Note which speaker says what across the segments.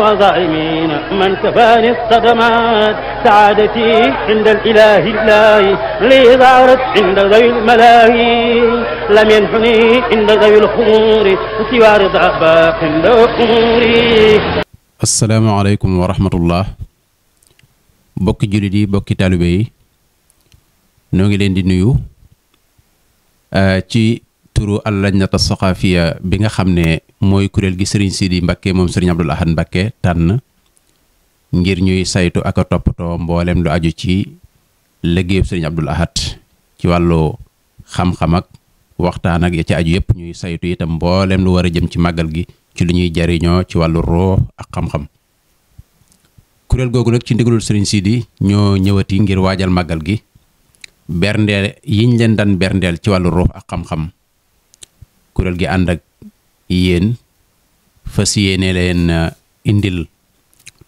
Speaker 1: وظالمين من كفاني الصدمات سعادتي عند الإله الله لي ظهرت عند ذوي الملاهي لم ينحني عند ذوي الخمور سوى رضا باق أموري السلام عليكم ورحمة الله bokki jullit yi bokki taalibe yi noo ngi leen di nuyu ci turu al lajnata saqaafiya bi nga xam ne mooy kuréel gi sëriñ Sidi Mbacke moom sëriñ Abdoul Ahad Mbacke tànn ngir ñuy saytu aka toppatoo mbooleem lu aju ci liggéeyu sëriñ Abdoul Ahad ci wàllu xam-xam ak waxtaan ak ya ci aju yëpp ñuy saytu itam mboolem lu war a jëm ci màggal gi ci lu ñuy jariñoo ci wàllu roo ak xam-xam kuréel googu nag ci ndigalul sëriñ Sidi ñoo ñëwati ngir waajal màggal gi berndeel yiñ leen daan berndeel ci wàllu roo ak xam-xam kuréel gi ànd ak yéen fas yéene leen uh, indil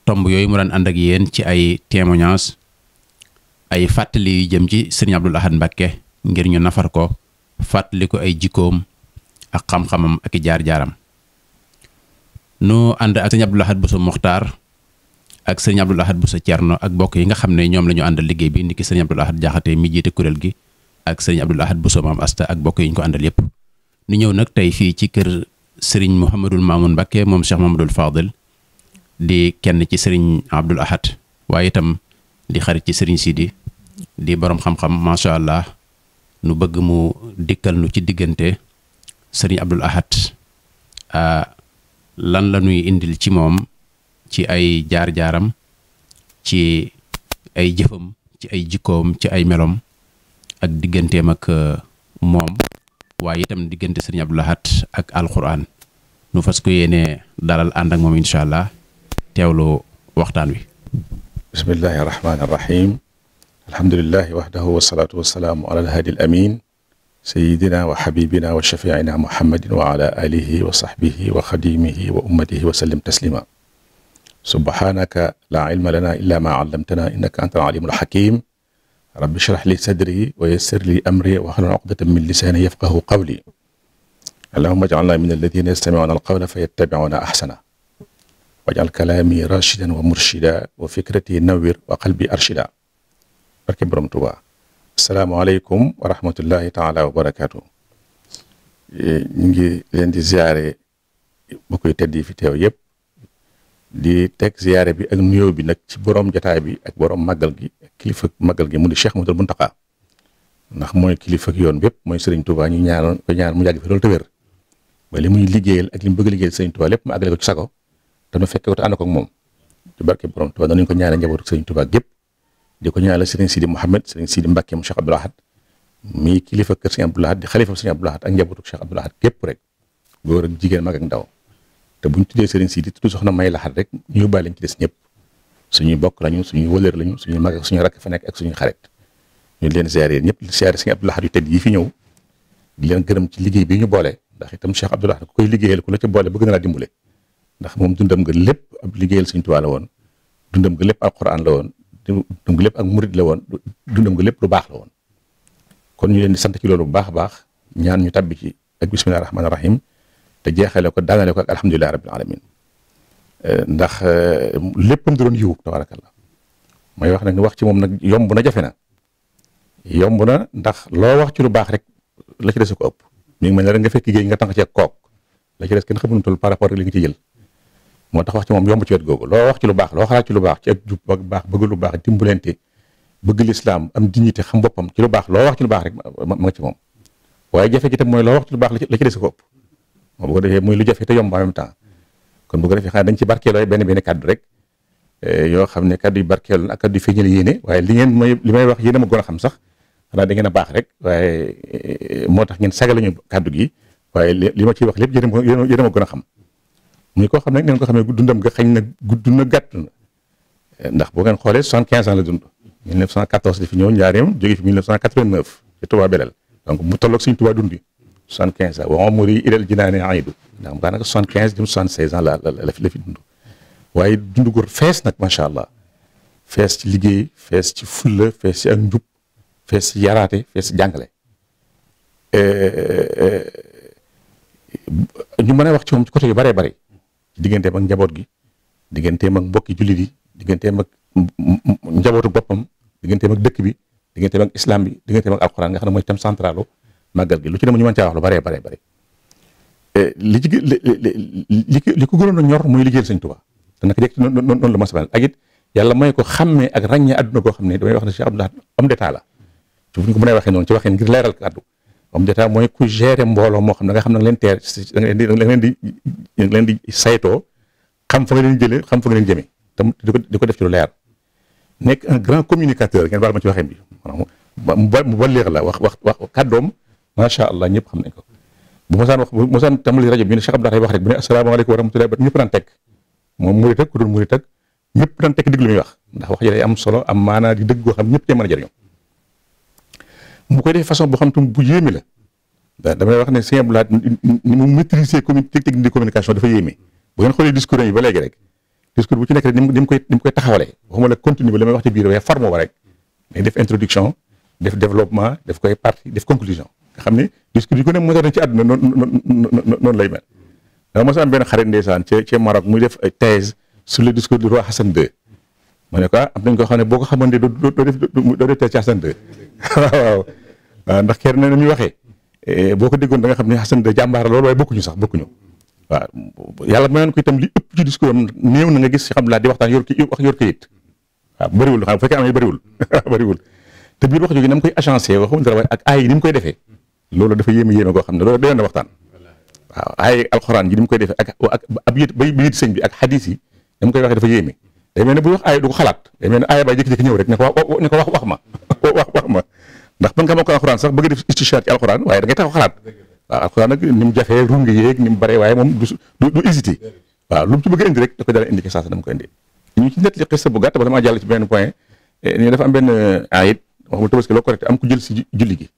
Speaker 1: tomb yooyu mu daan ànd ak yéen ci ay témoignages ay fàttali yu jëm ci sëriñ Abdoul Ahad Mbacké ngir ñu nafar ko fàttali ko ay jikkoom ak xam-xamam ak i jaar-jaaram nu ànd ak sëriñ Abdoul Ahad Bousso Mokhtar ak sëriñ Abdoul Ahad Bousso Thierno ak bokk yi nga xam ne ñoom la àndal liggéey bi niki sëriñ Abdoul Ahad Diakhaté mi jiite kuréel gi ak sëriñ Abdoul Ahad Bousso Maam Asta ak bokk yiñ ko àndal yëpp ñu ñëw nag tey sëriñ Mouhamadul Mamoun Mbakke moom Cheikh Mouhamadul Fadel di kenn ci sëriñ Abdul Ahad waaye itam di xarit ci sëriñ Sidi di borom xam-xam macha allah nu bëgg mu dikkal nu ci diggante sëriñ Abdul Ahad ah, lan la nuy indil ci moom ci ay jaar-jaaram ci ay jëfam ci ay jikkoom ci ay meloom ak digganteem ak moom waaye itam diggante sëriñ Abdou Lahad ak alxuraan nu fas ko yéene dalal ànd ak moom incha allah teewlu waxtaan wi. bismillahi rahmaani
Speaker 2: rahim. alhamdulilahi wahdahu wasalaatu wasalaamu ala alhaadi al amin sayidina wa xabibina wa shafiina muhammadin taslima subhanaka laa ilma lana illa ma allamtana innaka anta al rabbi shrah li sadri wa yassir li amri wahlul uqdatan min lisani yafqahu qawli allahumma ij'alna min alladhina yastami'una alqawla fayattabi'una ahsana waj'al kalaami rashidan wa murshida wa fikrati nawwir wa qalbi arshida barke borom Tuubaa asalaamaaleykum wa rahmatullahi taala wa barakaatu ñu ngi leen di ziare mbokk yi tedd yi fi teew yëpp di teg ziyaare bi ak nuyoo bi nag ci borom jataay bi ak boroom màggal gi kilifa màggal gi mu di Cheikh Mouhamadoul Mountakha ndax mooy kilifa ak yoon bépp mooy Serigne Touba ñu ñaanoon ko mu yàgg fi te wér ba li muy liggéeyal ak li mu bëgg liggéeyal Serigne Touba lépp mu àggale ko ci sago dañu fekke ko te ànd moom ci barke borom Touba danañ ko ñaanal njabootu Serigne Touba gépp di ko ñaanal Serigne Sidi Mouhamed Serigne Sidi Mbacke mu Cheikh Abdoul Ahad mi kilifa ka Serigne Abdoul di xalifa Serigne Abdoul Ahad ak njabootu Cheikh Abdoul rek góor ak jigéen mag ndaw te buñ tuddee sëriñ si di tudd soxna may laxat rek ñu bàyyi lañ ci des ñëpp suñuy bokk lañu suñuy wëlër lañu suñu mag suñu suñuy rakk fa nekk ak suñu xarit ñu leen ziare ñëpp ziare sëriñ Abdou Lahad yu yi fi ñëw di leen ci liggéey bi ñu boole ndax itam Cheikh Abdou Lahad ku koy liggéeyal ku la ci boole bëgg na laa dimbale ndax moom dundam nga lépp ab liggéeyal Sëriñ Tuubaa woon dundam nga lépp ak Alxuraan la woon dundam nga lépp ak murid la woon dundam nga lépp lu baax la woon kon ñu leen di sant ci loolu bu baax a baax ñaan ñu tàbbi ci ak bismillaahi rahmaani rahim te jeexale ko daanale ko ak alhamdulilah rabbil alamin eh, ndax eh, léppam di doon yiw tabarakallah mooy wax nag ni wax ci moom nag yomb na jafe na yomb na ndax loo wax ci lu baax rek la ci des ko ëpp mi ngi ne rek nga fekk géej nga tanq ci kook la ci des kenn xamuñu toll par rapport ak li nga ci jël moo tax wax ci moom yomb ci wet googu loo wax ci lu baax loo xalaat ci lu baax ci ak jub ak baax bëgg lu baax dimbalante bëgg lislaam am dignité xam boppam ci lu baax loo wax ci lu baax rek ma nga ci moom waaye jafe gi tam mooy loo lu baax la ci des ko ëpp moom bu ko defee muy lu jafe te yomb en même temps kon bu ko defee xanaa dañ ci barkeeloo benn benn kàddu rek eh, yoo xam ne kàddu yu barkeeloon ak kàddu yu feeñal yéene waaye li ngeen may li may wax yéen a ma gën a xam sax xanaa da ngeen a baax rek waaye eh, moo tax ngeen sagal ñu kaddu gi waaye li ma ci wax lépp yéen a ma gën a xam muy koo xam ne ngeen ko xamee dundam nga xañ na guddu na gàtt na eh, ndax boo ngeen xoolee soixante quinze ans la dund 1914 di fi ñëw njaareem jóge fi 1989 soixante quinze ans wa umri ilal jinaani aidu ndax daanaka soixante quinze jëm soixante seize ans la la la fi dund waaye dund ko fees nag macha allah fees ci liggéey fees ci fulla fees ci ak njub fees ci yaraate fees ci jàngale. Eh, eh, eh, ñu mën a wax ci moom ci côté yu bëree bëri digganteem ak njaboot gi digganteem ak mbokki jullit yi digganteem ak njabootu boppam digganteem ak dëkk bi digganteem ak islam bi digganteem ak alxuraan nga xam ne mooy thème central màggal gi lu ci dem ñu mën caa wax lu bare bare eh, bare li ci li li ko gënoon a ñor mooy liggéeyal sëñ Tuubaa te naka jekk noonu noonu la mos a ak it yàlla may ko xàmmee ak ràññee àdduna koo xam ne damay wax ne Cheikh Abdoulaye homme d'état la ci waxee noonu ci waxee ngir leeral kàddu homme d'état mooy ku gérer mbooloo moo xam ne nga xam ne nga leen teer da nga leen di sayto xam fa nga leen jëlee xam fa nga leen jëmee te di ko ko def ci lu leer nekk un grand communicateur ngeen baal ma ci waxee bi maanaam mu ba mu la wax wax wax kàddoom macha allah ñëpp xam nañ ko bu mosaan wax bu mosaan tàmbali rajo bi ñu ne Cheikh Abdoulaye wax rek bu ne asalaamaaleykum wa rahmatulah ba ñëpp daan teg moom murit ak ku dul murit ak ñëpp wax ndax wax ji day am solo am maanaa di dëgg goo xam ñëpp cee mën a jëriñoo mu koy defee façon boo xam tam bu yéeme la da damay wax ne Cheikh Abdoulaye mu maîtriser commune technique de communication dafa yéeme bu ngeen xoolee discours ba léegi rek discours bu ci nekk rek ni mu koy ni mu koy taxawalee waxuma la continue ba li may wax ci biir waaye farmoo ba rek mais def introduction def développement def koy parti def conclusion nga xam ne discours di gën a moderne ci àdduna noonu noonu lay mel. dama mos am benn xarit ndeysaan ci ci Maroc muy def thèse sur le discours du roi Hassan ma ne ko ah, am nañ ko xam ne boo ko xamante doo doo def doo def thèse ci Hassan II waaw waaw ah, ndax na ni muy waxee eh, boo ko déggoon da xam ne Hassan II jàmbaar loolu waaye bokkuñu sax bokkuñu. waaw yàlla mayoon ko itam li ëpp ci discours am néew na nga gis xam laa di waxtaan yor ki wax yor kayit waaw bëriwul xam bu fekkee amee bëriwul bëriwul te biir wax jooju na mu koy agencé waxuma dara waaye ak ay ni mu koy defee loolu dafa yéeme yéeme koo xam ne loolu doyoon na waxtaan waaw ay alxuraan ji mu koy defee ak ab yit bay bi sëñ bi ak xadis yi ni mu koy waxee dafa yéeme day mel ne bu wax aaya xalaat day mel ne aaya bay ñëw rek ne ko wax ne ko wax wax ma wax wax ma ndax ba nga ko alxuraan sax bëgg def istishaar ci alxuraan waaye da ngay taxaw xalaat waaw alxuraan nag ni mu jafee rungi yéeg ni mu bare waaye moom du du hésité waaw lu ci bëgg indi rek da koy dala indi saa sa dama koy indi ñu net li xis bu gàtt ba damaa jàll ci benn point ñu eh, dafa am benn aayit eh, wax mu tabaski am ku jël si julli gi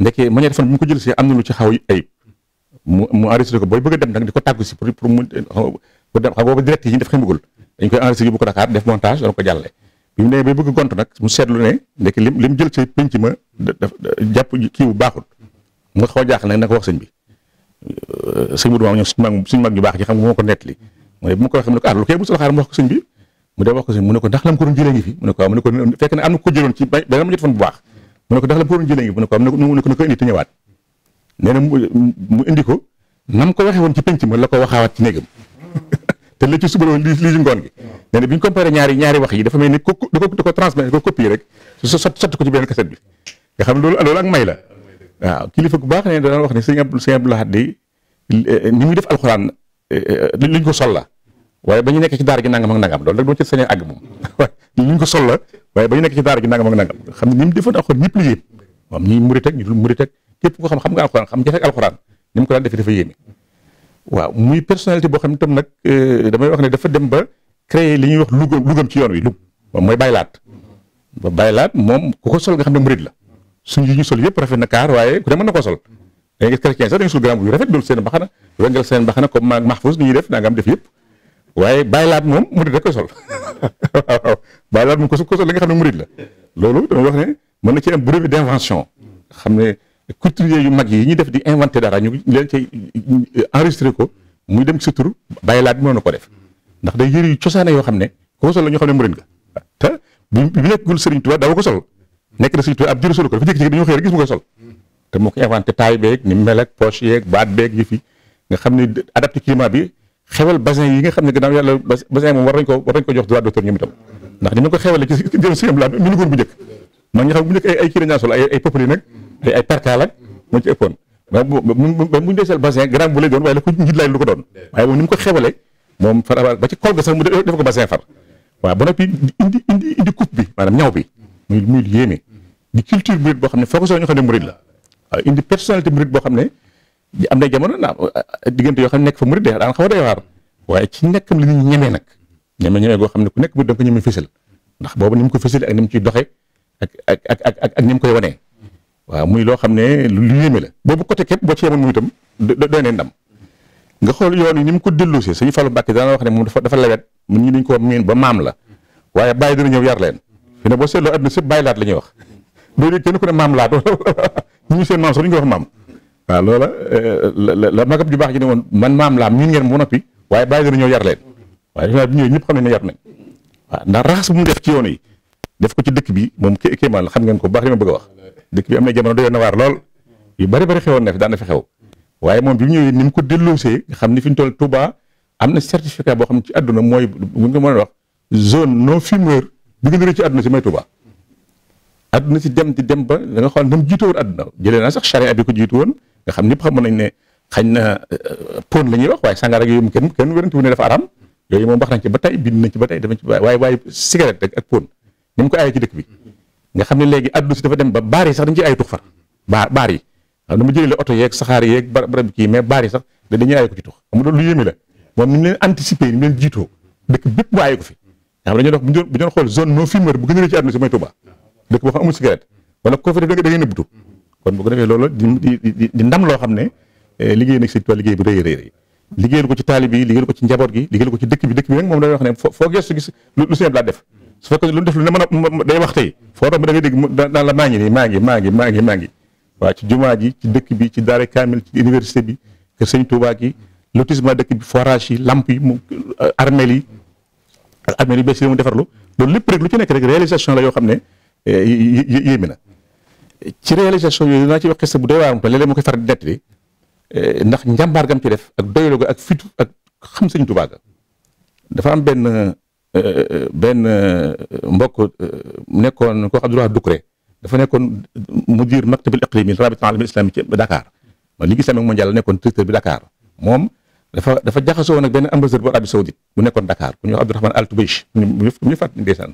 Speaker 2: ndekee manière fan ko jël see am na xaw ayib mu mu enregistré ko bëgg dem nag di ko tàggu si pour pour mu dem nga ko Dakar def montage doon ko jàllale bi mu nag mu seetlu ne ndekk lim lim jël ci pénc ma daf jàpp bu baaxul mu a jaaxle nag ko wax sëñ bi sëñ mag ñu baax ji xam nga ko nettali mu ne bu ma ko waxee mu ne ko ah lu koy bu soo xaar mu wax ko sëñ bi mu dem wax ko sëñ mu ne ko ndax la mu ko doon jëlee ngi fi mu ne ko waaw mu ne ko fekk ne am na ko jëloon ci benn ma téléphone bu baax mu ne ko ndax la ko waroon mu ne ko am na ko na ko indi te ñëwaat mu indi ko nam ko waxee woon ci penc ma la ko waxaawaat ci néegam te la ci suba woon li li ci ngoon gi nee bi ñu comparé ñaari ñaari wax yi dafa mel ni ko da ko da ko transmettre ko copier rek so sotti ko ci beneen cassette bi nga xam loolu ak may la waaw kilifa bu baax ne na daan wax ne sëñ Abdou sëñ Abdou Lahad ni muy def alxuraan li ko sol la waaye ba ñu nekk ci daar gi nangam ak nangam loolu rek doo ci sañ a àgg moom ñu ngi ko sol la waaye ba ñu nekk ci daar gi nangam ak nangam xam ne ni mu waaw muy personnalité boo xam ne tam nag euh, damay wax ne dafa dem ba li ñuy wax lugam lugam ci yoon wi lug moom mooy baylaat ba baylaat moom ku ko sol nga xam ne murit la suñu ñu sol yëpp rafet na kaar waaye ku ne mën na koo sol da nga seen baxana wengal seen baxana comme Mahfouz ni ñuy def nangam def yëpp waaye bàyyilaat moom murid rek koy sol waaw bàyyilaat moom ko ko sol li nga xam ne murid la loolu damay wax ne mën na ci am brevet d'invention xam ne couturier yu mag yi ñuy def di inventé dara ñu leen cay euh, enregistré ko muy dem ci sa tur bàyyilaat bi mënoon na ko def ndax day yëri yu cosaane yoo xam ne ko sol la ñoo xam ne murid nga te bi nekkul Serigne Touba daaw ko sol nekk na Serigne Touba ab jëru sol ko dafa jékki-jékki dañoo xëy rek gis mu koy sol te moo ko inventé taille beeg ni mu mel baat beeg yi fi nga xam ne adapté climat bi xewal bassin yi nga xam ne gannaaw yàlla bassin moom war nañ ko war nañ ko jox droit d'auteur ñoom itam ndax ni ma ko ba bu ko njit lay lu ko doon waaye moom ni mu ko xewale moom far ba ci kol ga sax mu def ko bassin far waaw ba noppi indi indi indi coupe ñaw bi muy muy yéeme di culture murid boo xam ne foo ko soo ñu xam ne murid la indi personnalité murid boo xam ne am na jamono na diggante yoo xam nekk fa murid de daan xaw a doy waar waaye ci nekkam li ñu ñemee nag ñeme ñeme goo xam ne ku nekk murid da nga ndax boobu ni ko fësal ak ni mu ciy mu koy wanee waaw muy loo xam ne lu yéeme la boobu côté képp boo ci mu itam doy ne nga xool yoon yi ni mu ko delloosee suñu Fallou Mbacke dana wax ne moom dafa dafa lewet mun ñu dañ ko miin ba maam la waaye bàyyi dina ñëw yar leen fi ne boo seetloo àdduna sëpp bàyyi laat la ñuy wax doo dee kenn ku ne maam laat wala ñu seen maam sax duñ ko wax maam waaw loola euh, la la magab ju baax ji ne woon man maam laam ñun ngeen mu noppi waaye bàyyi dana ñëw yar leen waaye dafa ñëwee ñëpp xam ne ne yar nañ waaw ndax raxas mu ci yoon yi def ko ci dëkk bi moom ké kéemaan la xam ngeen ko baax li ma bëgg a wax dëkk bi am na waar lool yu bari bari xewoon na fi daan na fi xew waaye moom bi ñëwee ni mu ko delloosee xam ni fi ñu toll Touba am na certificat boo xam ne ci àdduna mooy bu ñu ko mën a wax zone non fumeur bi gën a rëy ci àdduna si mooy Touba àdduna si dem di dem ba da nga xool na mu jiite woon àdduna jëlee naa sax charia bi ko jiitu woon nga xam ne na euh, pon wax waaye sàngara ak yooyu kenn kenn wérante moom wax nañ ba tey bind nañ ba tey dama ci waaye waaye cigarette ni mu ko aayee ci dëkk bi nga xam ne léegi àdduna si dafa dem ba baar yi sax dañu ci ay tux far baar baar yi xam na oto yeeg saxaar yeeg barab kii mais baar yi sax da dañuy aayee ko ci tux xam nga loolu jiitoo dëkk bépp mu aayee ko fi nga xam ne dañoo dox bu ñu bu gën a ci àdduna si mooy Touba dëkk boo xam amul cigarette wala koo fa def da ngay nëbbatu kon bu ko defee loolu di di ndam loo xam ne eh, liggéey nag Sëriñ Tuubaa liggéey bi rëy rëy liggéey liggéeyal ko ci taalib yi liggéeyal ko ci njaboot gi liggéeyal ko ci dëkk bi dëkk bi nag moom day wax ne foo gëstu gis lu seen laa def su fekkee lu def lu ne a day wax tey foo romb da ngay dégg daan la maa ngi nii maa ngi maa ngi maa ngi maa ngi waaw ci jumaa ji ci dëkk bi ci daare kaamil ci université bi kër Sëriñ Tuubaa gi lotissement dëkk bi forage yi lamp yi mu armel yi yi bees yi mu defarlu loolu lépp rek lu ci nekk rek réalisation la yoo xam ne Eh, yéeme na ci réalisation yooyu naa ci wax xis bu doy waar mu te léeg-léeg mu koy faral di nettali eh, ndax njàmbaar gam ci def ak doylu ga ak fitu ak xam sëñ Tuubaa dafa am benn eh, benn mbokk nekkoon ko Abdoulaye Doucouré dafa nekkoon mudir maktabul iqlimi rabit alam islami ci Dakar ma liggéey sama mondial nekkoon directeur bi Dakar moom dafa dafa jaxasoo nag benn ambassadeur bu Arabie Saoudite bu nekkoon dakaar ku ñuy wax Abdourahmane Al Toubèche ñu ñu fàttali ndeysaan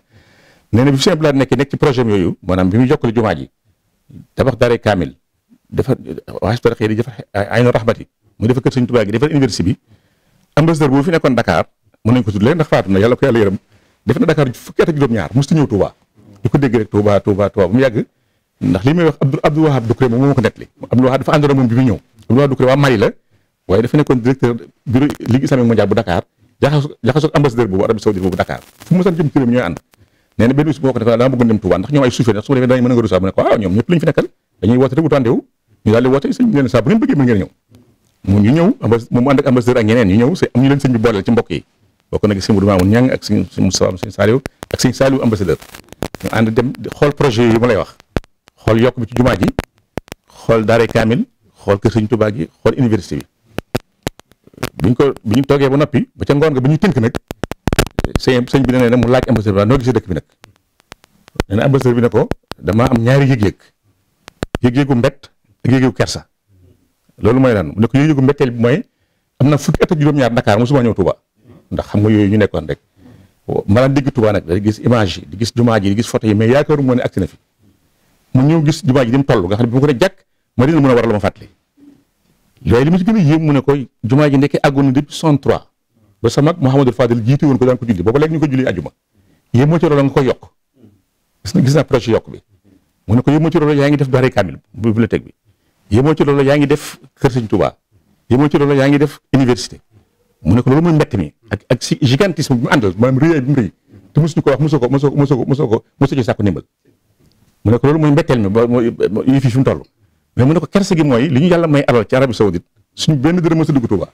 Speaker 2: nee bi Sëñ Abdou Lahad nekk nekk ci projet yooyu maanaam bi muy jokkale jumaa ji tabax daaray kaamil dafa waastar xëy di dafa ay no raxmati mu defar kër Sëñ Tuubaa gi fi nekkoon Dakar mën nañ ko tudd léegi ndax faatu na yàlla ko yàlla yërëm def na Dakar fukki at ak juróom-ñaar musta ñëw Touba di ko dégg rek Touba mu yàgg ndax li may wax Abdou Abdou Wahab Doucouré moom moo ko nettali Abdou Wahab dafa àndoon moom bi mu ñëw Abdou Wahab Doucouré waa Mali waaye dafa nekkoon directeur bureau Ligue islamique mondiale bu Dakar jaxasoo jaxasoo ambassadeur boobu Arabie Saoudite boobu Dakar fu mu san jëm këram ñooy ànd nee na benn bis moo ko ne ko daa bëggoon dem Touba ndax ñoom ay suufee ndax su ko defee danañ mën a nga rusaa mu ne ko waaw ñoom ñëpp lañ fi nekkal dañuy woote rek wutante bëggee mën ngeen ñëw mu ñëw amba ak ñeneen ñu ñëw s am ñu leen sëñ bi booleel ci mbokk yi bokk nag sëñ Modou Mamoun Niang ak sëñ Moustapha sëñ Saliou ak sëñ Saliou ambassadeur ñu ànd dem xool projet yi ma lay wax xool yokk bi ci jumaa ji xool daare kaamil xool kër sëñ Touba gi xool université bi ko bi ñu toogee ba noppi ba ca ngoon bi ñuy tënk nag sëñ sëñ bi nee na mu laaj ambassadeur bi noo gisee dëkk bi nag nee na bi ne ko damaa am ñaari yëg-yëg yëg-yëgu mbett ak yëgu kersa loolu mooy lan mu ne ko yëg-yëgu mbetteel bi mooy am na fukki at ak juróom-ñaar Dakar mosuma ñëw Touba ndax xam nga yooyu ñu nekkoon rek maanaam digg Touba nag da gis image yi gis jumaa ji gis photo yi mais yaakaaru moo ne agsi fi mu ñëw gis jumaa ji bu a war la ma fàttali a yéem mu ko jumaa ji nekkee àggoon na depuis 63 ba sa mag Mouhamadou Fadil jiite woon ko daan ko julli booba léegi ñu ko julli ajuma yéen moo ci rola nga koy yokk gis na gis naa projet yokk bi mu ne ko yéen moo ci rola yaa ngi def daara kaamil bibliothèque bi yéen moo yaa ngi def kër Sëñ Touba yéen moo ci rola yaa ngi def université mu ne ko loolu mooy mi ak ak ko wax mosoo ko mosoo ko mosoo ko mosoo ko mosoo ci sàkku ndimbal mu ne ba yi fii fi mu toll mais mu ne ko kerse gi mooy li ñu yàlla may alal benn dërëm mësa dugg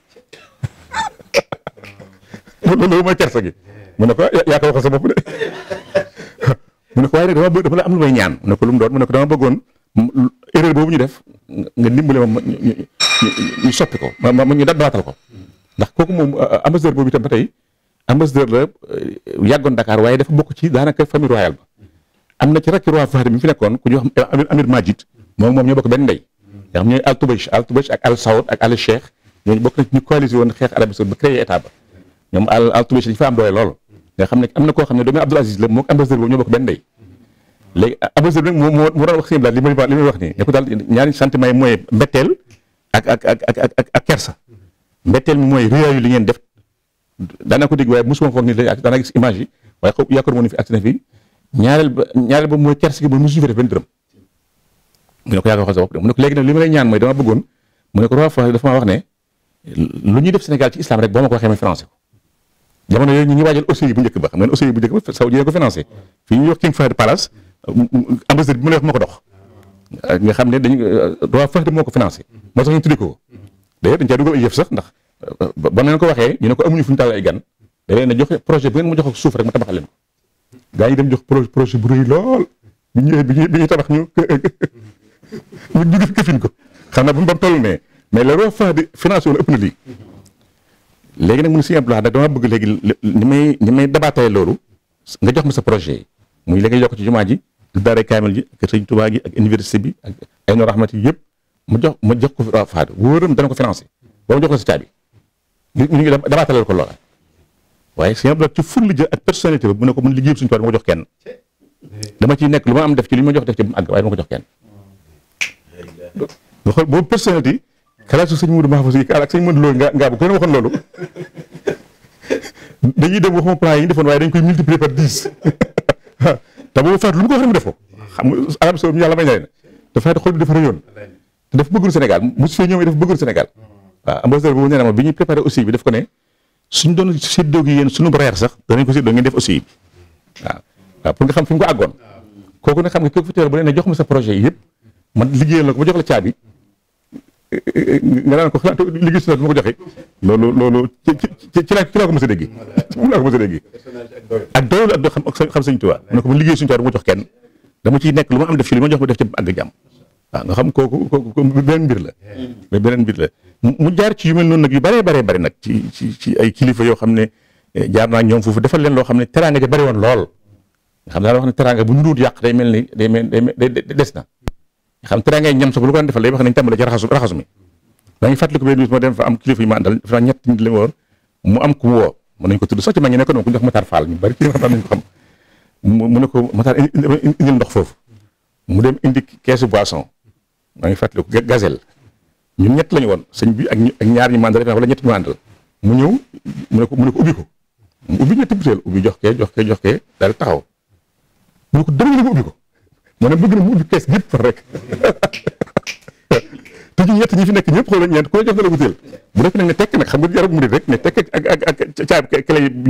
Speaker 2: loolu mooy kersa gi mu ne ko yaa ko waxal sa bopp de mu ne ko waaye nag dama la am lu may ñaan mu ne ko lu mu doon mu ne ko dama bëggoon erreur boobu ñu def nga dimbale ma ñu soppi ko ma ma ñu dadaatal ko ndax kooku moom ambassadeur boobu itam ba tey ambassadeur la euh, yàggoon Dakar waaye dafa bokk ci daanaka famille royale na ci rakki roi fi nekkoon ku ñuy Amir Majid moom moom ñoo bokk benn ndey nga xam ñooy Al Toubache Al Toubache ak Al Saoud ak Al Cheikh ñooñu bokk na ñu coalisé woon xeex Arabie Saoudite ba créé état ba ñoom al al Touré dañ fa am doole lool nga xam ne am na koo xam ne doomu Abdoul Aziz la moom ambassadeur boobu ñoo bokk benn ndey léegi ambassadeur bi wax sëñ Abdoulaye li muy li muy wax ne ko daal ñaari sentiment ak ak ak ak ak ak kersa mbetteel li ngeen def daanaa ko dégg waaye mosuma foog ni daanaa waaye xaw yaakaar moo ne fi agsi na fi ñaareel ba ñaareel ba mooy kersa gi mooy mu ne ko yaakaar waxal sa bopp de mu ne li ma lay ñaan mooy dama bëggoon mu ne ko roi dafa wax ne lu ñuy def Sénégal ci islam rek boo ma ko waxee ma financé ko jamono yooyu ñu ngi waajal OCI bu njëkk ba xam ngeen OCI bu njëkk ba saw yéen ko financé fii ñuy wax King Fahd Palace ambassadeur bi mu lay wax moo ko dox nga xam ne dañu euh, roi Fahd moo ko financé moo tax ñu tuddee ko d'ailleurs dañ caa dugal sax ndax euh, ba neen ko waxee ñu ne ko amuñu fu ñu taal gan da jox projet bu ngeen ma jox ak suuf rek ma tabaxal ko gaa yi dem jox projet bu rëy lool bi ñëwee bi ñuy tabax ñu ñu gëf këfin ko xam naa ba mu toll ne mais le roi finance financé woon ëpp na lii léegi nag mun si Abdoulaye nag dama bëgg léegi ni may ni may dabaatee loolu nga jox ma sa projet muy léegi yokk ci jumaa ji daara kaamil ji ak sëñ tubaa gi ak université bi ak ay no rahmat yi yëpp mu jox ma jox ko Fadou wóoram dana ko financé ba ma jox ko si caabi ñu ngi dabaataleel ko loola waaye sëñ Abdoulaye ci full jë ak personnalité ba mu ne ko mën liggéeyam suñu Tuubaa ma jox kenn dama ciy nekk lu ma am def ci li ma jox def ci bu mu àgg waaye dama ko jox kenn xalaatu sëñ Modou Mahfouz yi ak sëñ Modou Lo nga nga bu ko waxoon loolu dañuy dem waxuma plan yi ñu defoon waaye dañ koy multiplier par dix te boobu Fatou lu mu ko wax mu def xam nga Arabie Saoudite yàlla may na leen dafa xol bi dafa rëyoon te dafa bëggul Sénégal mosu fee ñoom dafa bëggul Sénégal waaw ambassadeur boobu nee na ma bi aussi bi daf ko ne suñ doon séddoo gi yéen suñu reer sax danañ ko séddoo ngeen def aussi waaw waaw nga xam fi ko àggoon kooku nag xam nga kooku fi teewal bu ne jox ma sa projet yi yëpp man liggéeyal na ko ba jox la caabi nga naan ko xalaat liggéey sunna bi ma ko joxe loolu loolu ci ci ci laa ci laa ko mos a dégg ci
Speaker 1: laa
Speaker 2: ak doylu ak doo xam ak xam sëñ Tuubaa mu ne ko man liggéey sëñ Tuubaa du ma jox kenn dama ci nekk lu ma am def ci li ma jox ma def ci àgg jàmm waaw nga xam kooku kooku beneen mbir la mais beneen mbir mu jaar ci yu mel noonu nag yi bëree bëree bëri nag ci ci ay kilifa yoo xam ne eh, jaar naa ñoom foofu defal leen loo xam ne teraanga ja bëri woon lool nga xam naa loo xam ne teraanga bu ñu duut yàq day mel ni day mel des na xam te da ngay ñam sax lu ko daan defal lay wax nañ tàmbale ci raxasu raxasu mi maa ngi fàttaliku benn bis ma dem fa am kilifa yu ma àndal dafa ñett nit la mu am ku woo mën nañ ko tudd sax ci maa ngi nekkoon ku ñu wax Matar ñu bari ci ma xam nañ ko xam mu ne ko Matar indil ndox foofu mu dem indi keesu boisson maa ngi fàttaliku gazelle ñun ñett lañu woon sañ bi ak ñaar ñu mandal wala ñett ñu mandal mu ñëw mu ne ko mu ne ko ubbi ko mu ubbi ñetti butéel ubbi jox ke jox kee jox ke daal taxaw mu ne ko dem nga ubbi ko moo ne bëgg na mu ubbi kees gépp far rek te ci ñett ñi fi nekk ñëpp xool ñeent ku ne jox na la butéel bu nekk nag ne tekk nag xam nga jarul mu rek ne tekk ak ak ak caab ñu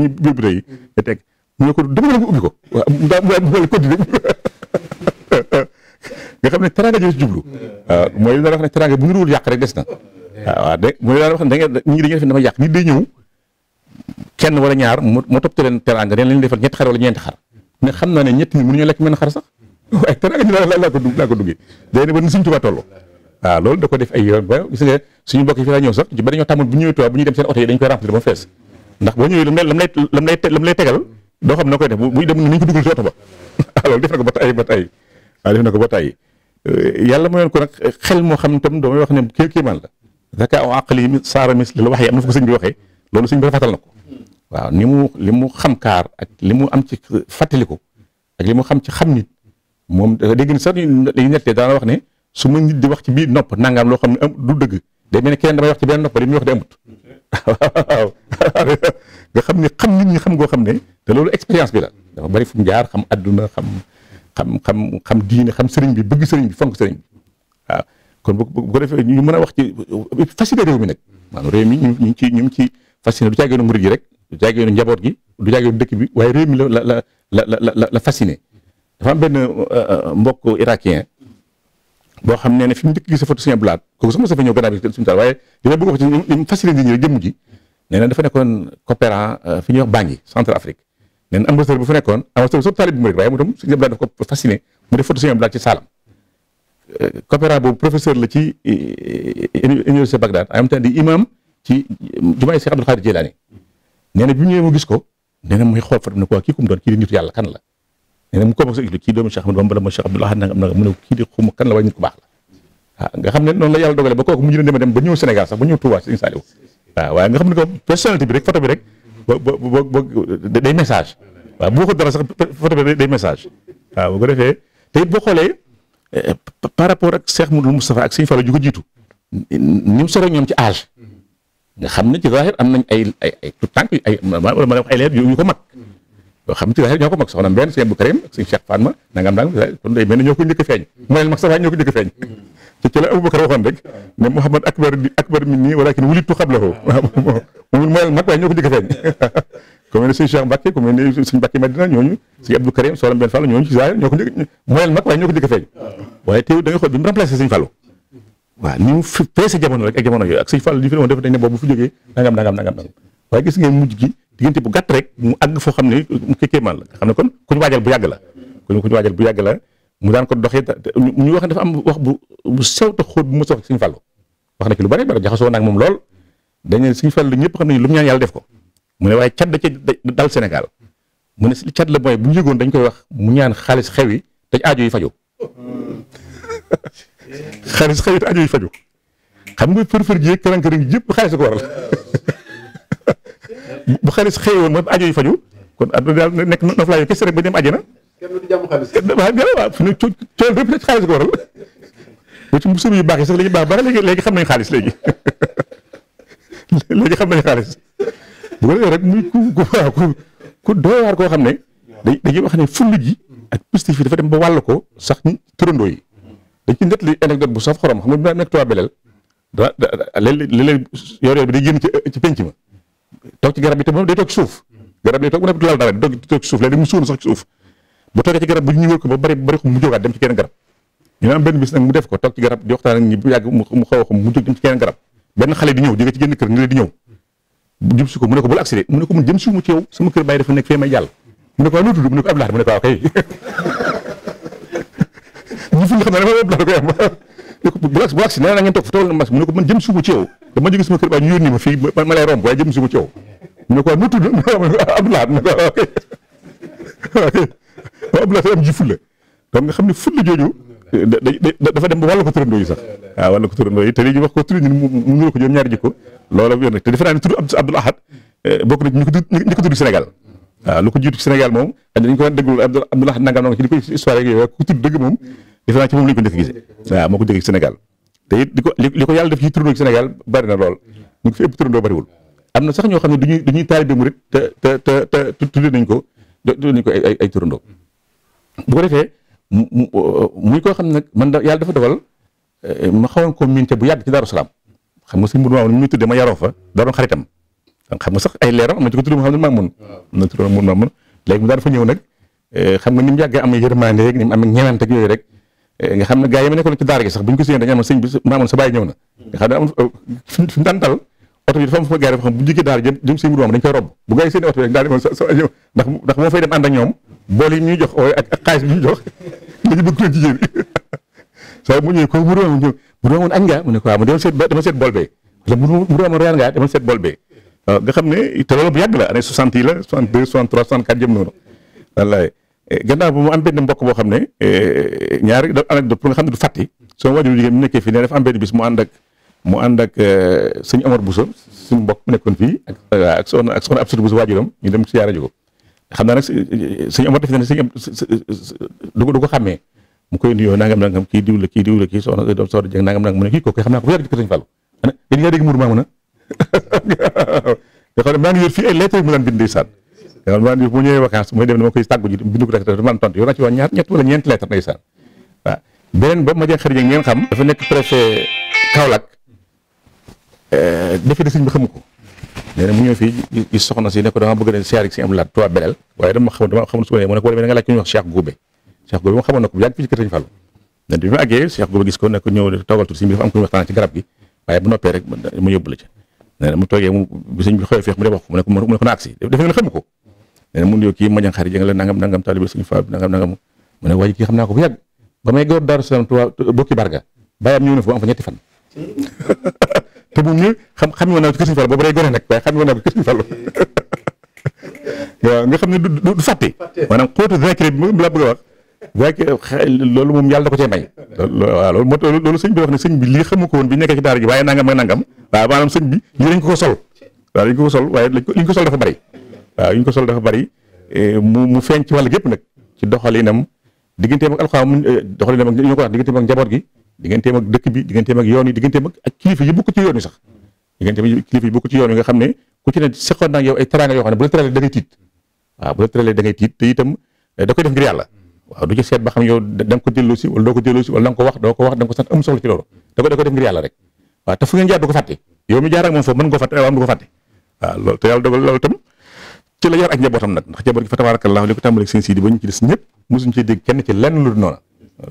Speaker 2: biir butéel yi ne tekk mu ko dama la ko ubbi xam ne teraanga jëlee si jublu waaw mooy li nga wax ne teraanga bu niruwul yàq rek des na waaw de mooy daan wax ne da ngeen ñii dañuy def dafa yàq nit day ñëw kenn wala ñaar moo topp te leen teraanga dañ leen defal ñetti xar wala ñeenti xar ne xam naa ne ñetti nit mënuñu lekk mën xar sax waaye teraanga ji laa laa ko dugg laa ko duggee day loolu da ko def ay yoon ba gis nga suñu mbokk yi sax ñu ba dañoo tàmmul bu ñëwee Tuubaa bu ñuy dem seen oto na koy def bu ko dugal ci ba na ko ba tay ba tay waaw ko ba tay euh, yàlla mayoon ko nag xel moo xam tam damay wax ne kii kéemaan la zaka o àqal yi saara mis la wax yi am na fu ko sëñ bi waxee loolu sëñ bi rafetal na ko waaw ni mu li mu xam kaar ak li mu am ci ko ak li mu xam ci xam nit moom dégg na sax dañuy nettee daana wax ne su ma nit di wax ci biir nopp nangam loo xam ne du dëgg day mel ne keneen damay wax ci benn nopp ba muy wax di amut nga xam ne xam nit ñi xam goo xam ne te loolu expérience bi la dafa bari fu mu jaar xam adduna xam xam xam xam diine xam sëriñ bi bëgg sëriñ bi fonk sëriñ bi waaw kon bu ko defee ñu mën a wax ci facilité réew mi nag maanaam réew mi ñu ñu ci ñu ci fasciné du caagee nu murid yi rek du caagee nu njaboot gi du caagee nu dëkk bi waaye réew mi la la la la la la fasciné dafa am benn euh, euh, mbokk irakien boo xam ne ne fi mu gis photo Sëñ Abdou Lahad kooku sax mos a fa waaye dina bëgg wax ci li mu facilité ji nee na dafa nekkoon coopérant euh, fi ñuy wax Bangui centre Afrique nee na ambassadeur bu fa nekkoon ambassadeur soo taalib bi mu rek waaye mu tam Sëñ mu def photo Sëñ Abdou Lahad ci saalam coopérant boobu professeur la ci université Bagdad am même di imam ci jumaay Cheikh Abdou Khadir Jilani nee na bi mu ñëwee gis ko nee na muy xool photo ne ko kii ku mu yàlla kan la nee na mu commencé expliqué kii doomu Cheikh Ahmadou Bamba la mooy Cheikh Abdoul Ahad mu ne kii xam ne noonu la yàlla dogale ba kooku mujj na dem a dem ba ñëw Sénégal sax ba ñëw Touba Sëriñ Saliou waaw waaye nga xam ne ko personnalité bi rek photo bi rek ba ba ba day message waaw bu waxul dara sax photo bi day message waaw bu ko defee te it boo xoolee par rapport ak Cheikh Moudou Moustapha ak Sëriñ Fallou ju ko jiitu ni mu ñoom ci âge nga xam ne ci zahir am nañ ay ay ay tout ma wax ay leer yu yoo xam ci ñoo ko mag soxna benn sëñ bu Karim ak sëñ Cheikh Fatma ko a feeñ mu ne mag safa ñoo ko a feeñ ci a ñooñu sëñ Abdou Karim soxna benn Fallou ñooñu ci saa a feeñ waaye ni feese jamono rek ak jamono yooyu ak sëñ Fallou li fi ne boobu fu jógee nangam nangam nangam waaye gis ngeen mujj gi diggante bu gàtt rek mu àgg foo xam ne mu kéemaan la xam ne kon ku ñu waajal bu yàgg la kon ku ñu waajal bu yàgg la mu daan ko doxee ñu wax dafa am wax bu bu sew te xóot bu mos a wax Sëñ wax na ci lu bari bari jaxasoo nag moom lool dañ ne Sëñ Fallu ñëpp xam nañu lu mu ñaan yàlla def ko mu ne waaye cat da ca dal Sénégal mu ne cat la mooy bu ñu yëgoon dañ koy wax mu ñaan xaalis xew yi dañ aajo yi faju xaalis xew yi te aajo yi faju xam nga fër-fër ji këran këran yëpp xaalis ko waral bu xaalis xëyoon moom aajo yi faju kon àdduna daal nekk na fa laay rek ba dem àjjana.
Speaker 1: kenn du jàmm xaalis.
Speaker 2: waaw gën a waaw fi mu co coono ci xaalis ko waral ba sax la ñu baax baax léegi xam nañ xaalis léegi léegi xam nañ xaalis bu ko defee koo xam ne. dañuy dañuy wax ne fulla ji ak positif yi dafa dem ba wàll ko sax ñu turandoo yi. dañ ci nettali anecdote bu saf xorom xam nga bu nekk tubaab beleel. daa léeg-léeg yor-yor bi day génn ci penc ma. toog ci garab yi te moom day toog ci suuf garab bu nekk du laal dara di toog ci suuf léegi mu suunu sax ci suuf bu toogee ci garab bu ñu ko ba bari bari xum mu jógaat dem ci kenn garab ñu ne am benn bis nag mu a xum mu jóg dem ci kenn xale di ñëw jóge ci génn kër ni la di ñëw jëm si ko mu ne ko bul accéder mu ne ko mun jëm si mu ci yow sama kër bàyyi dafa nekk fee may jàll mu ne ko lu tudd mu ne ko Abdoulaye mu ne ko waaw kay ne bu bu agsi nee na ngeen toog fa tool mas mu ne ko man jëm suubu ci yow dama jóge sama kër ba ñu yónni ma fii ma lay romb waaye jëm suubu ci yow mu ne ko nu tudd Abdoulaye mu ne ko ok dafa dem ba wàllu ko turandoo yi sax waaw wàllu ko turandoo yi te léegi wax ko tur ñun mu nuru ko ñoom ñaari jikko loolu yoon nag te defe naa ne eh, ñu ko ñu ko waaw lu ko jiitu Sénégal moom dañ ko daan déglu Abdoul Ahad nangam ci li koy histoire yooyu ku dëgg moom defe naa ci moom la ñu ko njëkk gisee waaw moo ko njëkk Sénégal te li ko yàlla def ci turandoo ci Sénégal bari na lool mm-hmm. ñu ngi fi ëpp turandoo bariwul am na sax ñoo xam ne duñuy duñuy taalibe murit te te te te tuddee nañ ko tuddee nañ ko ay ay turandoo mm-hmm. bu ko defee muy koo xam ne nag man yàlla dafa dogal eh, ma xawoon ko miin te bu yàgg ci Daaru Salaam xam nga suñu mbiru maam mi ñu tuddee ma yaroo fa daroon xaritam xam nga sax ay leeral am na ci ko tudd ma mun am na tudd mun maa mun léegi mu daan fa ñëw nag eh, xam nga ni mu yàggee am yërmande rek ni mu amee ñewante ak yooyu rek nga xam ne gars yi ma nekkoon ci daara gi sax bu ñu ko séen dañu amoon sëñ bi maamoon sa bàyyi ñëw na nga xam ne am euh, fi mu daan dal oto bi dafa am fa gars yi xam bu jógee daara jëm jëm sëñ bi dañ koy rob bu gars yi seen oto bi daal demoon sa ñëw ndax ndax moo fay dem ànd ak ñoom bool yi ñuy jox ak xaalis bi ñuy jox dañu bëgg leen ci jël saa mu ñëwee ko bu doon ñëw bu doon woon añ ngaa mu ne ko mu doon seet dama seet bool bee wala mu doon woon reer ngaa dama seet bool bee waaw nga xam ne te loolu bu yàgg la année 60 yi la 62 63 64 jëm noonu wallaay Eh, gannaaw bi mu am benn mbokk boo xam ne eh, ñaari anecdote pour nga xam ne du fàtti sama waajur jigéen mu nekkee fii ne dafa am benn bis mu ànd ak mu ànd ak eh, sëñ Omar Bousso suñu mbokk mu nekkoon fii ak ak soxna ak soxna Abdou Bousso waajuram ñu dem si ji ko xam naa nag sëñ Omar def na ne sëñ am du ko du ko xàmmee mu koy nuyoo nangam kii diw la kii diw la kii soxna doom soxna Dieng nangam nangam mu ne kii kooku xam naa ko bu yàgg ci ko sëñ Fallou yéen yaa dégg muur mun a ne maa ngi yor fii ay lettre mu daan bind ndeysaan man ma bu ñëwee vacance mooy dem dama koy tàggu bindu ko rek man xam dafa nekk préfet Kaolack defe euh, de sëñ bi xamu mu ñëw i soxna si ne ko dama si mu da nga laaj ko ñu wax Cheikh Goubé Cheikh Goubé mu xamoon na ko yàgg fii ci kër sëñ Fallu ne bi dafa am ko ñu waxtaan ci garab gi waaye bu noppee rek mu yóbbu la ca nee mu toogee mu sëñ bi xëy feex mu de wax ko mu ne mu ne ko naag si defe ngeen ko nee na mun yow kii Madiang Khary Dieng la nangam nangam taalibe suñu faa bi nangam nangam mu ko bu yàgg ba may góor Daaru Salaam Tuubaa ba am fa ñetti bu ñu xam xam woon naa ko ci kër suñu fàll boobu day gone nag waaye xam woon naa ko ci kër suñu fàll waaw nga xam ne maanaam la bëgg a wax ko cee may waaw loolu moo loolu sëñ bi bi lii xamu ko woon bi nekkee ci waaye nangam ak nangam waaw maanaam sëñ bi lii dañ ko ko sol ko sol waaye liñ ko sol dafa bari waaw yu ñu ko sol dafa bari eh, mu mu feeñ ci wàll gépp nag ci doxalinam digganteem ak alxuraan eh, doxalinam ak ñu ko wax digganteem ak njaboot gi digganteem ak yoon yi digganteem ak kilifa yi bokk ci yoon yi nga xam ne ku ci ne seqoon naa yow ay teraanga yoo xam ne bu la teralee da ngay tiit waaw bu la teralee da ngay tiit te itam eh, da koy def ngir yàlla waaw du ci seet ba xam yow da nga ko delloosi wala doo ko delloosi wala wax doo ko wax da ko sant am solo ci la yar ak njabootam nag ndax njaboot gi fa tabaarakallaahu li ko tàmbalee ak seen siidi ba ñu ci des ñëpp mosuñ ci dégg kenn ci lenn lu noona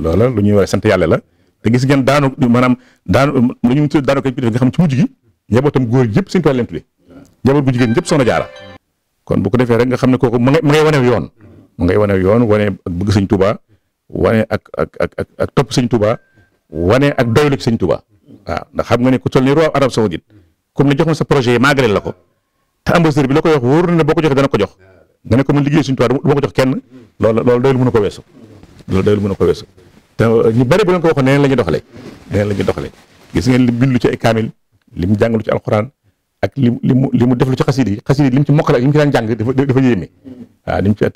Speaker 2: loola lu ñuy wax sant yàlla la te gis ngeen daanu maanaam daanu ñu tuddee daanu ko def nga xam ci mujj gi njabootam góor yëpp seen tool leen tuddee njaboot gu jigéen ñëpp soxna jaara kon bu ko defee rek nga xam ne kooku ma ngay wane yoon ma ngay wane yoon wane ak bëgg sëñ Tuuba wane ak ak ak ak topp sañ Tuuba wane ak doylu ci sëñ Tuuba waaw ndax xam nga ne ku toll ni roi arab saoudite comme ne jox na sa projet yi maagale la ko te ambassadeur bi la koy wax wóor na boo ko joxee dana ko jox nga ne ko man liggéey suñu tubaab du ma ko jox kenn loolu loolu doyul mën a ko weesu ñu bëri bu leen ko waxoon neneen la ñuy doxalee neneen la ñuy doxalee gis ci ay kaamil li mu jàngalu mu li mu li mu def lu ci xasida yi xasida yi li mu ci mokkale ak li mu ci daan jàng dafa dafa yéeme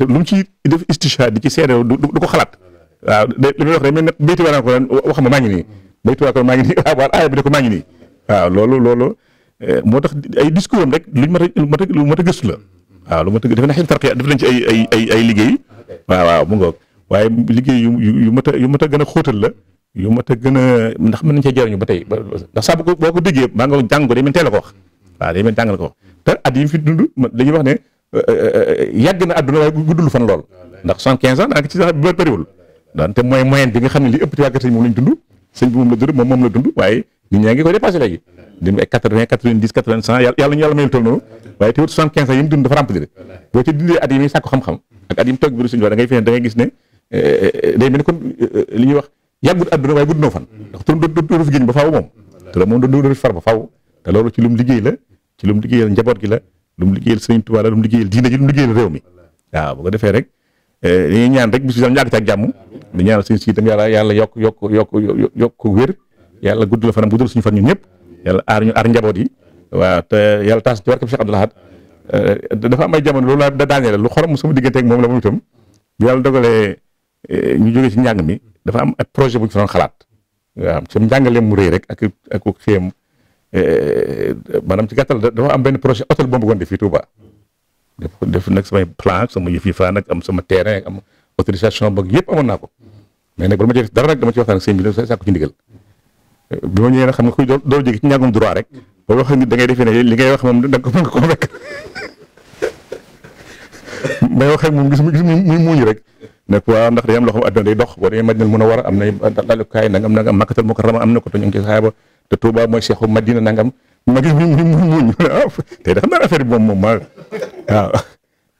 Speaker 2: lu mu ci def istishhaad di du ko xalaat waaw li muy wax rek mais nag ko wax ma maa ngi nii béytuwaa ko ko maa nii waaw loolu loolu Eh, moo tax ay discours am rek luñ mat a mat a lu mat a gëstu la waaw lu mat a defe naa def nañ ci ay ay liggéey waaw waaw mu ngoog waaye liggéey yu yu mat a yu mat a gën a xootal la yu mat a gën a ndax mën nañ cee jariñu ba tey ndax saa bu ko boo ko déggee maa nga jàng ko day mel a ko wax waaw day mel jàng la ko wax te wax ne eh, eh, yàgg na àdduna waaye guddul fan lool ndax soixante-quinze ans daanaka ci sax bi bëriwul daan te mooy bi nga xam ne li ëpp ci wàgga sëñ moom lañ dund sëñ bi moom la dund moom la dund waaye nit ñaa ngi koy dépassé léegi dem ay quatre vingt quatre vingt dix quatre vingt cent yàlla yàlla ñu yàlla yi ci dindee at yi muy sàkku xam-xam ak at yi mu toog biir suñu da ngay fexe da ngay gis ne la moom dootu lu mu liggéeyal réew mi waaw bu ko defee rek eh, ñaan rek bis bi ñu àgg ak jàmm di ñaanal suñu si itam yàlla yàlla yokk yokk yokk yokk wér yàlla gudd la fanam guddal suñu fan ñun ñëpp yàlla aar ñu njaboot yi waa te yàlla taas ci barkeb Cheikh Abdoul euh, dafa am ay jamono loolu da daaneel lu xorom sama diggante ak moom la moom tam bu yàlla dogalee euh, ñu jógee ci njàng mi dafa am ay projet bu ñu fa doon xalaat waaw sam mu rëy rek ak ak xéem euh, maanaam ci gàttal dafa am projet hôtel boo bëggoon def fii Touba plan sama yëf yi faa nag am sama terrain am autorisation boog yëpp amoon naa ko mais nag bala ma ci def dara rek dama ci waxtaan ak bi la sàkku ci ndigal bi ma ñëwee nag xam nga kuy doon doon jóge ci ñàggum droit rek boo waxee nit da ngay defee ne li ngay wax moom da nga ko mën ko convaincre may wax ak moom gis gis muy muuñ rek ne quoi ndax day am loo xam adduna day dox boo demee Madina mën a war a am na dalukaay nangam nangam makkatal mu ko rama am na ko te ñu ngi ci saaba te Touba mooy Cheikhu Madina nangam ma gis muy muy muuñ ah, tey da xam naa affaire bi moom moom ma waaw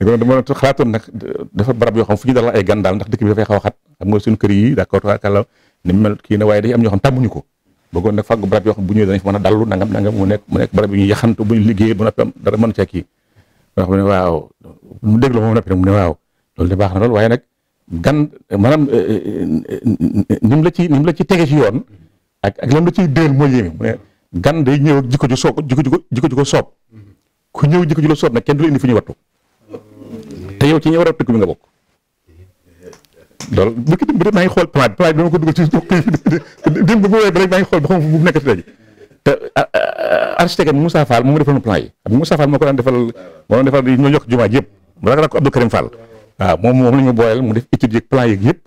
Speaker 2: léegi dama xalaatoon nag dafa barab yoo xam fu ñu dalal ay gan daal ndax dëkk bi dafay xaw a xat xam nga suñu kër yi d'accord kàlla ni mel kii na waaye day am ñoo xam tàmmuñu ko bëggoon nag fàggu barab yoo xam bu ñëwee danañ fa mën a dallu nangam nangam mu nekk mu nekk barab yu ñu yaxantu bu ñu liggéeyee ba noppi am dara mën cee kii wax mu ne waaw mu déglu moom noppi mu ne waaw loolu de baax na lool waaye nag gan maanaam eh, eh, nim la ci nim la ci tege ci yoon ak ak lam la ciy déel mooy yéeme mu gan day ñëw ak jikko ju soob jikko ju ko jikko ko soob ku ñëw jikko ju la soob nag kenn du la indi fu ñuy wattu te yow ci ñi war a tëkk bi nga bokk dool bu ki dimb rek maa ngi xool pamaat pamaat bi ko dugal ci dimb bu wéy ba rek maa bu nekk ci daji te architecte Moussa Fall moom defal na plan yi xam Moussa Fall moo ko daan defal moo doon defal ñoo ji mu rak ko def étude yeeg plan yeeg yëpp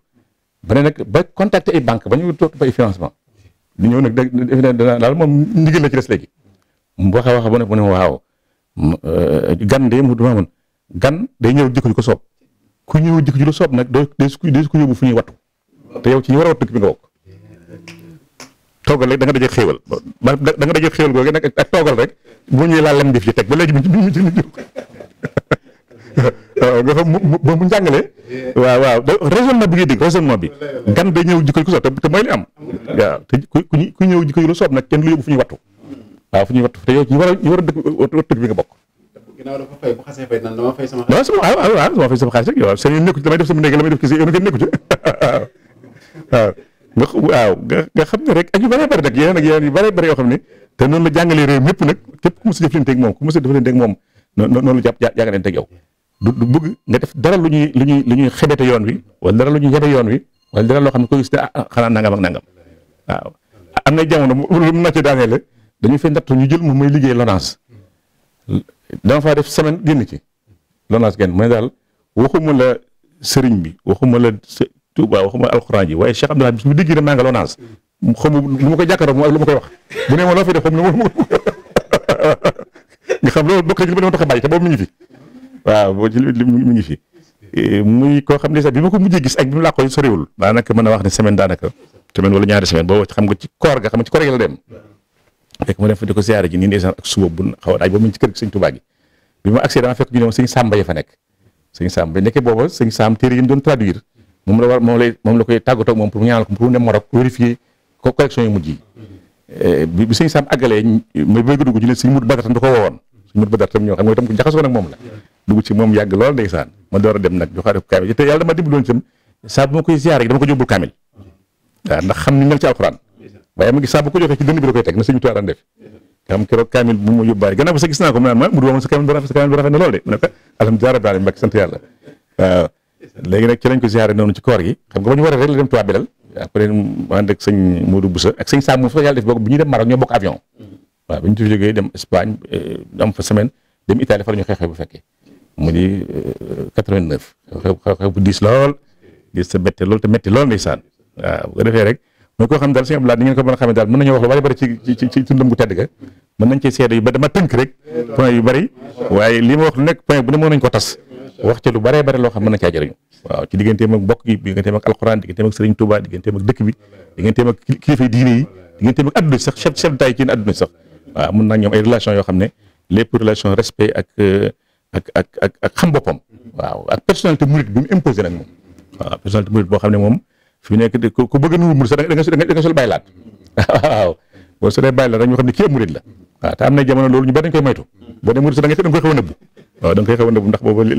Speaker 2: ba ne nag ba contacter banque ba ñu toog ba ay financement di ñëw nag da daal moom ndigal la ci des léegi mu waxa waxa bu ne mu ne waaw euh, gan de mu duma mën gan day ñëw jikko ko soob ku ñëw jikko ju la soob nag doo des ko fu ñuy wattu yow ci ñu war a wattu bi toogal rek daje xéewal da nga daje xéewal googu nag ak toogal rek boo ñëwee laa lem def ci teg ba léegi mu ci mu ci nit mu mu njàngalee waaw waaw raisonnement bi ngay dégg raisonnement bi gan day ñëw jikko ju ko soob te am waaw te ku ñëw jikko ju la soob kenn lu yóbbu fu ñuy wattu waaw fu ñuy te yow ci ñu war a ñu dëkk bi nga bokk
Speaker 1: ginnaaw dafa fay bu xasee fay nan dama fay sama
Speaker 2: xaalis. waaw sama waaw waaw dama fay sama xaalis rek yow seen yoon nekku ci la may def kii nekku ci yoo xam te noonu la jàngalee réew mépp nag képp ku mos a jëflanteeg moom ku mos a jëflanteeg moom noonu la jàpp jàngalanteeg yow def dara lu ñuy lu ñuy lu ñuy xebete yoon wi wala dara lu ñuy yebe yoon wi wala dara loo xam ne ko gis ne ah xanaa nangam ak nangam waaw am na jamono mu mu nàccee daaneel dañu fay ndatt ñu jël moom may liggéey lonance dama faa def semaine génn ci lonaas genn mooy daal waxuma la sëriñ bi waxuma la Tuuba waxuma la alxuraan ji waaye Cheikh Abdoulaye bis bu digg maa nga lonaas xamu lu ma koy jàkkaaroo moom ak lu ma koy wax bu ne ma fi def xam ma nga xam loolu bokk li ma doon tax a bàyyi te boobu mi ngi fi waaw fi muy koo xam ne sax bi ma ko mujjee gis ak bi mu laa a wax ne semaine daanaka semaine wala ñaari semaine boo xam nga ci koor ga xam nga ci koor gi la dem fekk ma dem fa di ko ziare ji a daaj moom la war moom koy tàggatoo ak moom pour mu ñaanal ko pour mu dem Maroc vérifier ko collection yu mujj yi eh, moom la moom yàgg lool ndeysaan ma door a dem nag joxaare ko kaamil te yàlla dama dimb loon itam saa bu ma koy ziare dama ko jóbbul kaamil waaw ndax xam ni mel ci alxuraan waaye ma gis saa ko joxee ci dënn bi da koy teg na sëñ bi tuwaa def xam keroog kaamil bu ma yóbbaale gannaaw ba sa gis naa ko mu naan ma mu du ma sa kaamil bu rafet sa kaamil bu rafet na lool mu ne ko yàlla waaw léegi nag ci lañ ko ziare noonu ci koor gi xam nga ba ñu war a rek la dem tuwaa bilal après dem Maroc ñoo bokk avion waaw bi ñu fi jógee dem Espagne eh, am fa semaine dem Italie fa la ñu xeexee bu fekkee mu di 89 eh, xew diis lool diis sa bette lool te metti lool ndeysaan waaw bu ko defee rek mooy koo xam daal sëñ Abdoulaye ni ngeen ko mën a xamee daal mën nañoo wax lu bari bari ci ci ci gu tedd ga mën nañ cee seede yu ba dama tënk rek point yu bari waaye li ma wax lu nekk point bari loo xam mën na caa jëriñu waaw ci digganteem ak mbokk gi digganteem bi yoo xam ne lépp relation respect ak euh, ak ak ak ak xam boppam waaw ak personnalité murid mu imposé nag moom waaw personnalité boo xam ne moom fi nekk de ku bëgg nuru murid sax da nga da nga da nga sol waaw boo solee baylaat rek ñu xam ne kii murid la waaw te am na jamono loolu ñu bari dañ koy moytu boo dee murid sax a nëbbu waaw da a nëbbu ndax booba li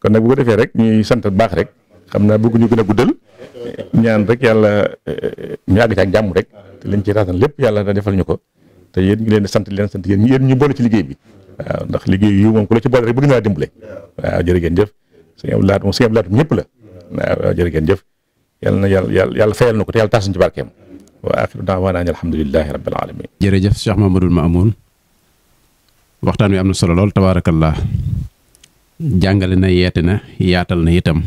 Speaker 2: kon nag bu defee rek ñuy sant baax rek xam naa bëgg ñu gën a guddal ñaan rek yàlla eh, ñu àgg ci jàmm rek te liñ ci raatan lépp yàlla da defal ñu ko te yéen ñu leen sant leen sant yéen yéen ñu boole ci liggéey bi waaw ndax liggéey yu moom ku la ci boole rek bëgg na laa dimbale waaw jërëgéen jëf sëñ Abdou Lahat moom sëñ Abdou ñëpp la waaw jërë jëf yal na yàlla yàlla yàlla fayal na ko te yàlla taas nañu ci barkeem wa axiru
Speaker 1: jërëjëf Cheikh Mamadou Mamoun waxtaan wi am na solo lool tabaarakallah jàngale na yeete na yaatal na itam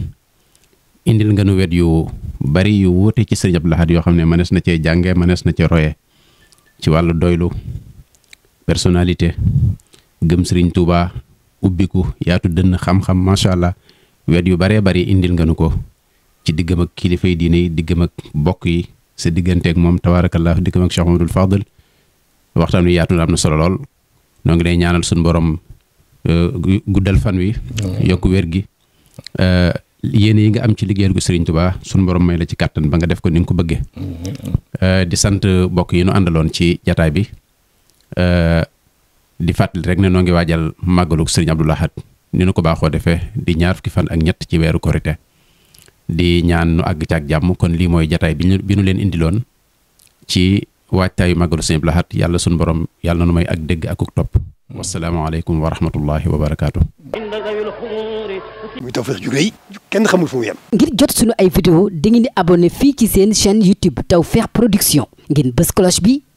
Speaker 1: indil nga nu wet yu bari yu wuute ci Sëriñ Abdou yoo xam ne mënees na cee jànge mënees na cee roye ci wàllu doylu personnalité gëm Sëriñ Tuubaa ubbiku yaatu dënn xam-xam macha allah wet yu baree bari indil nga nu ko ci diggam ak kilifay diine yi diggam ak bokk yi sa digganteek moom tabaarakallah diggam ak Cheikh Mamadou Fadel waxtaan wi yaatu na am na solo lool noo ngi lay ñaanal suñu borom euh, guddal fan wi. yokk wér gi. Euh, yéen yi nga am ci liggéeyal gu Serigne Touba sunu borom may la ci kàttan ba nga def ko ni nga ko bëggee. Euh, di sant mbokk yi nu àndaloon ci jataay bi di fàttali rek ne noo ngi waajal màggalu Serigne Abdoul ni nu ko baaxoo defee di ñaar fukki fan ak ñett ci weeru korite di ñaan nu àgg ci jàmm kon lii mooy jataay bi ñu bi ñu leen indiloon ci waajtaayu màggalu Sëñ Abdou Lahad yàlla sunu borom yàlla nu may ak dégg ak ak topp wasalaamaaleykum wa rahmatullahi wa barakaatu. muy Tawfekh ju rëy kenn xamul fu mu yem. ngir jot sunu ay vidéo dangeen di abonné fii ci seen chain YouTube Tawfekh Production ngeen bës cloche bi.